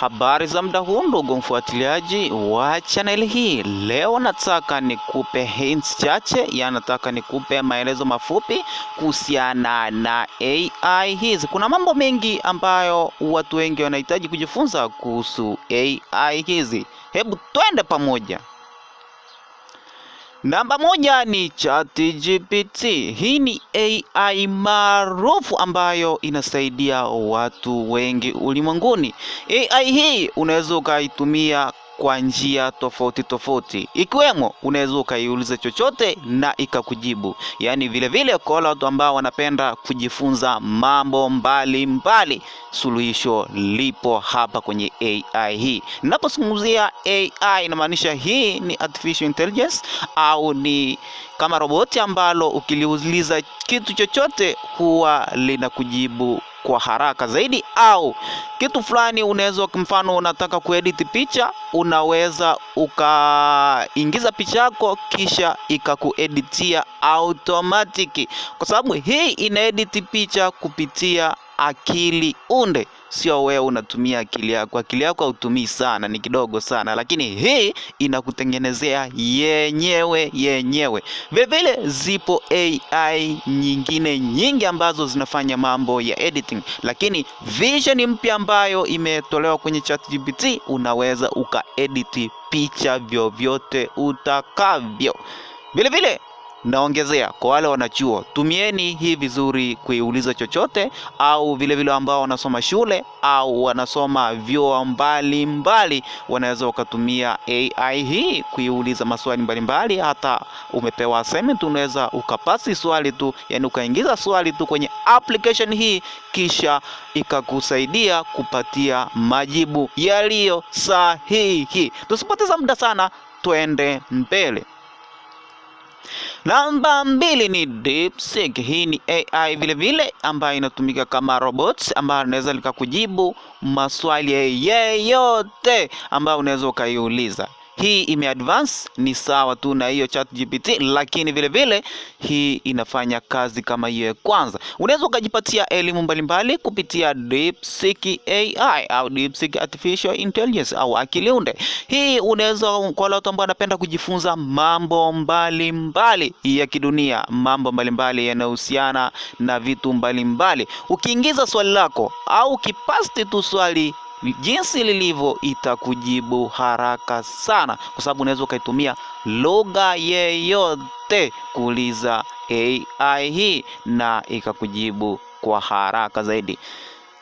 Habari za muda huu ndugu mfuatiliaji wa chaneli hii, leo nataka nikupe hints chache, ya nataka nikupe maelezo mafupi kuhusiana na AI hizi. Kuna mambo mengi ambayo watu wengi wanahitaji kujifunza kuhusu AI hizi, hebu twende pamoja. Namba moja ni ChatGPT. Hii ni AI maarufu ambayo inasaidia watu wengi ulimwenguni. AI hii unaweza ukaitumia kwa njia tofauti tofauti, ikiwemo unaweza ukaiuliza chochote na ikakujibu. Yaani vilevile kwa wale watu ambao wanapenda kujifunza mambo mbalimbali mbali, suluhisho lipo hapa kwenye AI hii. Ninapozungumzia AI inamaanisha hii ni artificial intelligence au ni kama roboti ambalo ukiliuliza kitu chochote huwa linakujibu kwa haraka zaidi, au kitu fulani unaweza, kwa mfano unataka kuedit picha unaweza ukaingiza picha yako kisha ikakueditia automatiki, kwa sababu hii inaediti picha kupitia akili unde, sio wewe unatumia akili yako. Akili yako hautumii sana, ni kidogo sana, lakini hii inakutengenezea yenyewe yenyewe. Vilevile zipo AI nyingine nyingi ambazo zinafanya mambo ya editing, lakini vision mpya ambayo imetolewa kwenye ChatGPT unaweza uka ukaediti picha vyovyote utakavyo. Vilevile Naongezea kwa wale wanachuo, tumieni hii vizuri kuiuliza chochote, au vilevile vile ambao wanasoma shule au wanasoma vyuo mbalimbali, wanaweza wakatumia AI hii kuiuliza maswali mbalimbali mbali. Hata umepewa assignment, unaweza ukapasi swali tu, yani ukaingiza swali tu kwenye application hii, kisha ikakusaidia kupatia majibu yaliyo sahihi. Tusipoteza muda sana, twende mbele. Namba mbili ni DeepSeek. Hii ni AI vile vile, ambayo inatumika kama robots ambayo anaweza likakujibu maswali yeyote ambayo unaweza ukaiuliza. Hii advance ni sawa tu na hiyo chat GPT, lakini vile vile hii inafanya kazi kama hiyo ya kwanza. Unaweza ukajipatia elimu mbalimbali kupitia DeepSeek AI au DeepSeek Artificial Intelligence au akiliunde. Hii unaweza kwa watu ambao wanapenda kujifunza mambo mbalimbali mbali ya kidunia, mambo mbalimbali yanayohusiana na vitu mbalimbali mbali. Ukiingiza swali lako au ukipasti tu swali jinsi lilivyo itakujibu haraka sana, kwa sababu unaweza ukaitumia lugha yeyote kuuliza AI hii na ikakujibu kwa haraka zaidi.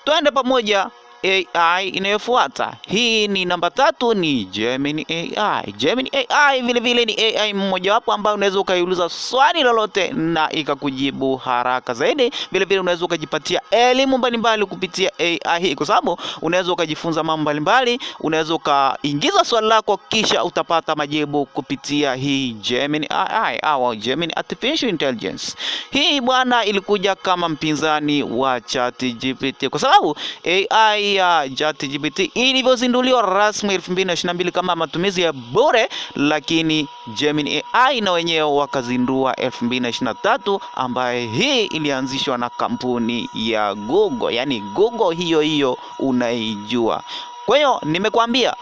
Twende pamoja AI inayofuata. Hii ni namba tatu, ni Gemini AI. Gemini AI vilevile ni AI mmojawapo ambayo unaweza ukaiuliza swali lolote na ikakujibu haraka zaidi. Vilevile unaweza ukajipatia elimu mbalimbali kupitia AI hii, kwa sababu unaweza ukajifunza mambo mbalimbali. Unaweza ukaingiza swali lako, kisha utapata majibu kupitia hii Gemini AI au Gemini Artificial Intelligence. Hii bwana ilikuja kama mpinzani wa ChatGPT kwa sababu AI ya ChatGPT ilivyozinduliwa rasmi 2022 kama matumizi ya bure, lakini Gemini AI na wenyewe wakazindua 2023, ambaye hii ilianzishwa na kampuni ya Google, yani Google hiyo hiyo unaijua. Kwa hiyo nimekuambia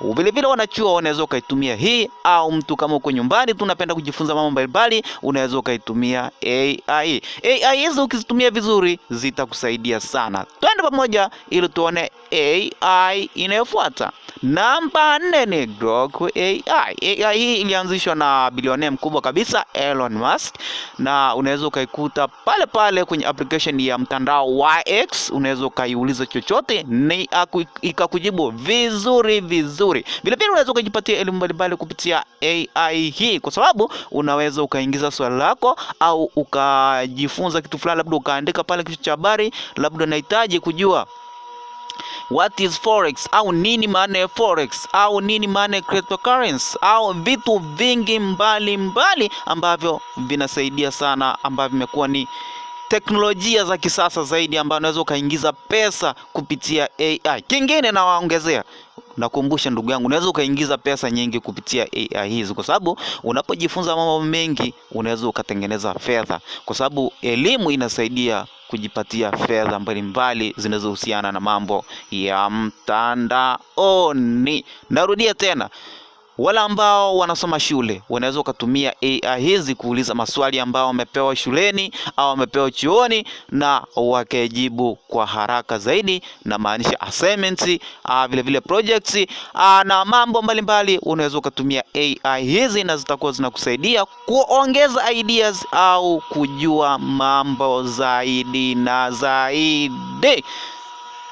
Vilevile wanachuo wanaweza ukaitumia hii, au mtu kama uko nyumbani tu unapenda kujifunza mambo mbalimbali, unaweza ukaitumia AI. AI hizo ukizitumia vizuri zitakusaidia sana. Twende pamoja ili tuone AI inayofuata. Namba nne ni Google AI. AI hii ilianzishwa na bilionea mkubwa kabisa Elon Musk, na unaweza ukaikuta pale pale kwenye application ya mtandao wa X. Unaweza ukaiuliza chochote ni ikakujibu vizuri vizuri. Vilevile unaweza ukajipatia elimu mbalimbali kupitia AI hii, kwa sababu unaweza ukaingiza swali lako au ukajifunza kitu fulani, labda ukaandika pale kichwa cha habari, labda unahitaji kujua what is forex au nini maana ya forex au nini maana ya cryptocurrency au vitu vingi mbalimbali mbali ambavyo vinasaidia sana, ambavyo vimekuwa ni teknolojia za kisasa zaidi, ambayo unaweza ukaingiza pesa kupitia AI. Kingine nawaongezea Nakumbusha ndugu yangu, unaweza ukaingiza pesa nyingi kupitia AI hizi, kwa sababu unapojifunza mambo mengi unaweza ukatengeneza fedha, kwa sababu elimu inasaidia kujipatia fedha mbalimbali zinazohusiana na mambo ya mtandaoni. Narudia tena wale ambao wanasoma shule wanaweza ukatumia AI hizi kuuliza maswali ambao wamepewa shuleni au wamepewa chuoni, na wakejibu kwa haraka zaidi, na maanisha assignments ah, vile vile projects ah, na mambo mbalimbali, unaweza ukatumia AI hizi na zitakuwa zinakusaidia kuongeza ideas au kujua mambo zaidi na zaidi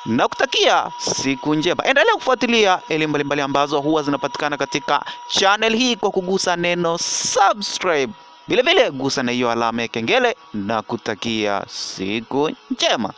na kutakia siku njema. Endelea kufuatilia elimu mbalimbali ambazo huwa zinapatikana katika channel hii kwa kugusa neno subscribe, vilevile gusa na hiyo alama ya kengele, na kutakia siku njema.